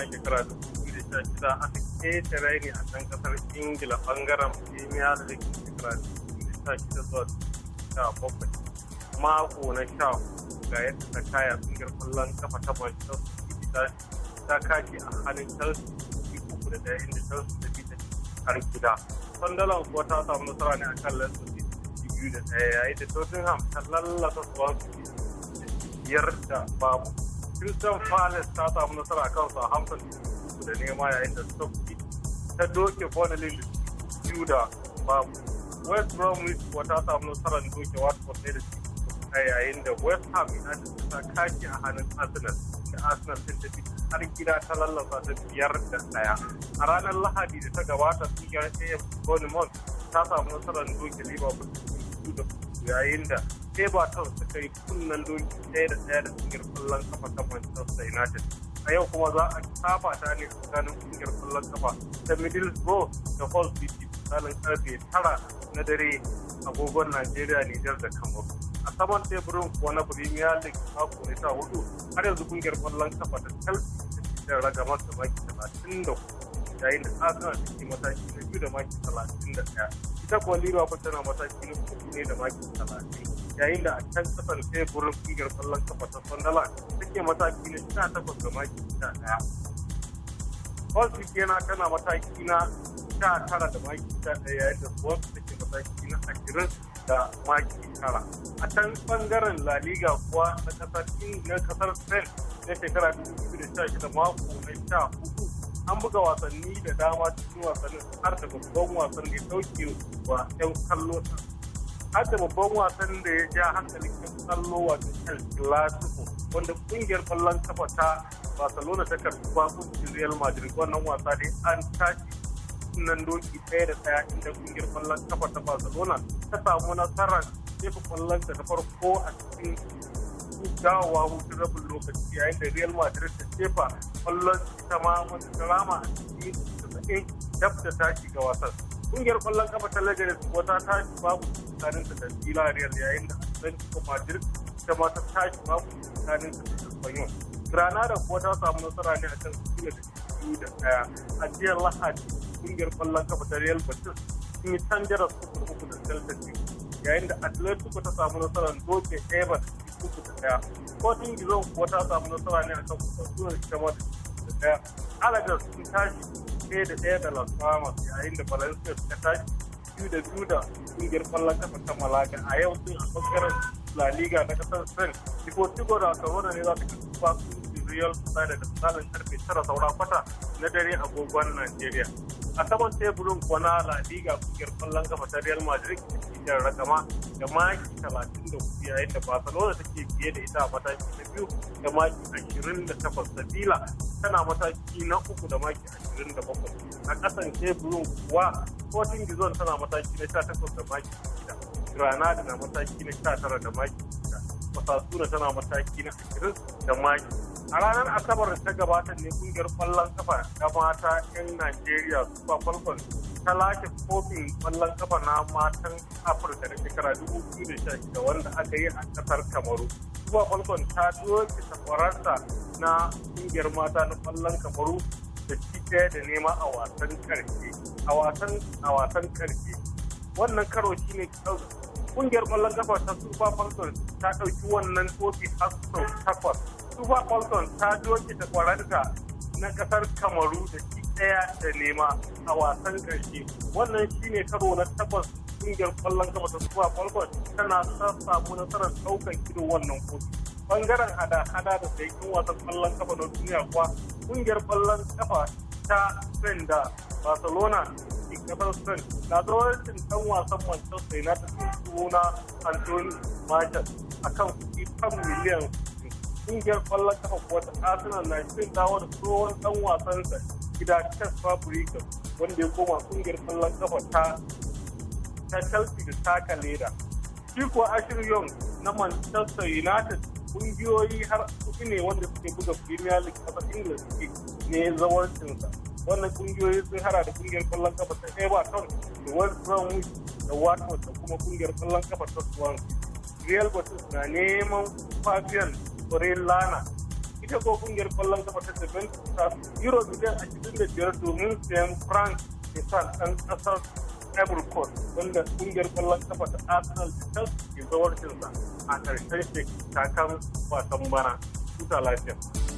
na shekara shida aka ƙetare ne a can kasar ingila bangaren zai kuma shekara 2016 zuwa 2017 mako na sha ga yadda ta kaya kungiyar kwallon kafa ta manchester city ta kashi a hannun chelsea uku da daya inda chelsea da bi ta har gida sandalan kuwa ta samu nasara ne a kan leicester da biyu da daya yayi da tottenham ta lallata da biyar da babu Christian Palace ta samu nasara kan sa hamsin da nema yayin da Stoke ta doke Bonnelin biyu da babu. West Bromwich kuwa ta samu nasarar doke Watford ne da a yayin da West Ham United ta er kaki a hannun er Arsenal da Arsenal sun tafi har gida ta lallasa ta biyar da daya A ranar Lahadi da ta gabata kungiyar AFC Bournemouth ta samu nasarar doke Liverpool da yayin da sai ba ta wasu yi kunnan doki ɗaya da ɗaya da tsakiyar kullon kafa ta Manchester United. A yau kuma za a saba ta ne tsakanin kungiyar kullon kafa ta Middlesbrough da Hull City misalin karfe tara na dare agogon Najeriya, Nijar da kamar A saman teburin kuwa na Premier League mako na ta hudu har yanzu kungiyar kwallon kafa ta Chelsea da ragamar da maki talatin da hudu yayin da Arsenal cikin mataki na biyu da maki talatin da ɗaya. ita na abin tana matakin ne da maki talatin yayin da a can kasar teburin kungiyar kallon kafa ta sandala take mataki na sha takwas da maki sha ɗaya wasu kenan tana mataki na sha tara da maki sha ɗaya yayin da wasu take mataki na ashirin da maki tara a can bangaren la liga kuwa na kasar na kasar spain na shekara 2016 mako na sha hudu an buga wasanni da dama cikin wasannin har da babban wasan da ya dauke wa 'yan kallo har da babban wasan da ya ja hankalin 'yan kallo wato el clasico wanda kungiyar kwallon kafa ta barcelona ta karbi bakuncin real madrid wannan wasa dai an tashi nan doki ɗaya da ɗaya inda kungiyar kwallon kafa ta barcelona ta samu nasarar jefa kwallon ta farko a cikin dawowa hutun rabin lokaci yayin da real madrid ta jefa kwallon ita ma wata drama a cikin saba'in eh, dab da tashi ga wasan. Kungiyar kwallon kafa ta kuma ta tashi babu tsakanin ta da Villarreal yayin da Atletico Madrid ta ma ta tashi babu tsakanin ta da Espanyol. Granada kuma ta samu nasara ne a kan Sevilla da biyu da ɗaya. A jiya Lahadi kungiyar kwallon kafa ta Real Betis sun yi canjarar uku da Celtic yayin da Atletico ta samu nasarar doke Everton uku da daya ko tun gizo kuwa ta samu nasara ne a kan kusurwar ita ma da daya alagar sun tashi ɗaya da ɗaya da las palmas yayin da valencia ta tashi biyu da biyu da ƙungiyar kwallon kafa ta malaga a yau din a bangaren la liga na kasar spain deportivo da corona ne za ta kasu ba su real society da misalin karfe tara saura kwata na dare agogon nigeria a saman teburin kuwa na la liga kungiyar kwallon kafa ta real madrid ke rakama da maki 34 yayin da barcelona take biye da ita a mataki na biyu da maki 28 sabila tana mataki na uku da maki 27 a kasan teburin kuwa sporting gizon tana mataki na 18 da maki 6 granada na mataki na 19 da maki 6 masasuna tana mataki na 20 da maki a ranar asabar ta gabata ne kungiyar kwallon kafa ta mata 'yan najeriya super falcons ta lake kofin kwallon kafa na matan afirka na shekara 2016 wanda aka yi a kasar kamaru super falcons ta doke takwararta na kungiyar mata na kwallon kamaru da ci da nema a wasan karshe a wasan a wasan karshe wannan karo shine kungiyar kwallon kafa ta super falcons ta ɗauki wannan kofi har sau takwas tufa Falcon ta doke ta kwararka na kasar Kamaru da ci ɗaya da nema a wasan ƙarshe. Wannan shine karo na tabbas ƙungiyar kwallon kafa ta tufa Falcon tana samu nasarar ɗaukar kido wannan kotu. Bangaren hada-hada da sayakin wasan kwallon kafa na duniya kuwa ƙungiyar kwallon kafa ta Spain da Barcelona kasar Spain na zaurancin ɗan wasan Manchester United suna Anthony a akan kuɗi kan miliyan kungiyar kwallon kafa wata arsenal na shirin dawo da tsohon dan wasansa gida chess fabricas wanda ya koma kungiyar kwallon kafa ta ta chelsea da taka leda shi kuwa ashir young na manchester united kungiyoyi har uku ne wanda suke buga premier league kasar ingila suke ne zawarcinsa wannan kungiyoyi sun hada da kungiyar kwallon kafa ta everton da west bromwich da watford da kuma kungiyar kwallon kafa ta swansea real batista na neman fabian korin lana ita ko kungiyar kwallon kafa ta juventus ta euro miliyan ashirin da biyar domin sayan france da san ɗan ƙasar ivory wanda kungiyar kwallon kafa ta arsenal da chelsea ke zawarcinsa a ƙarshen shekaru kakan wasan bana. Tuta lafiya.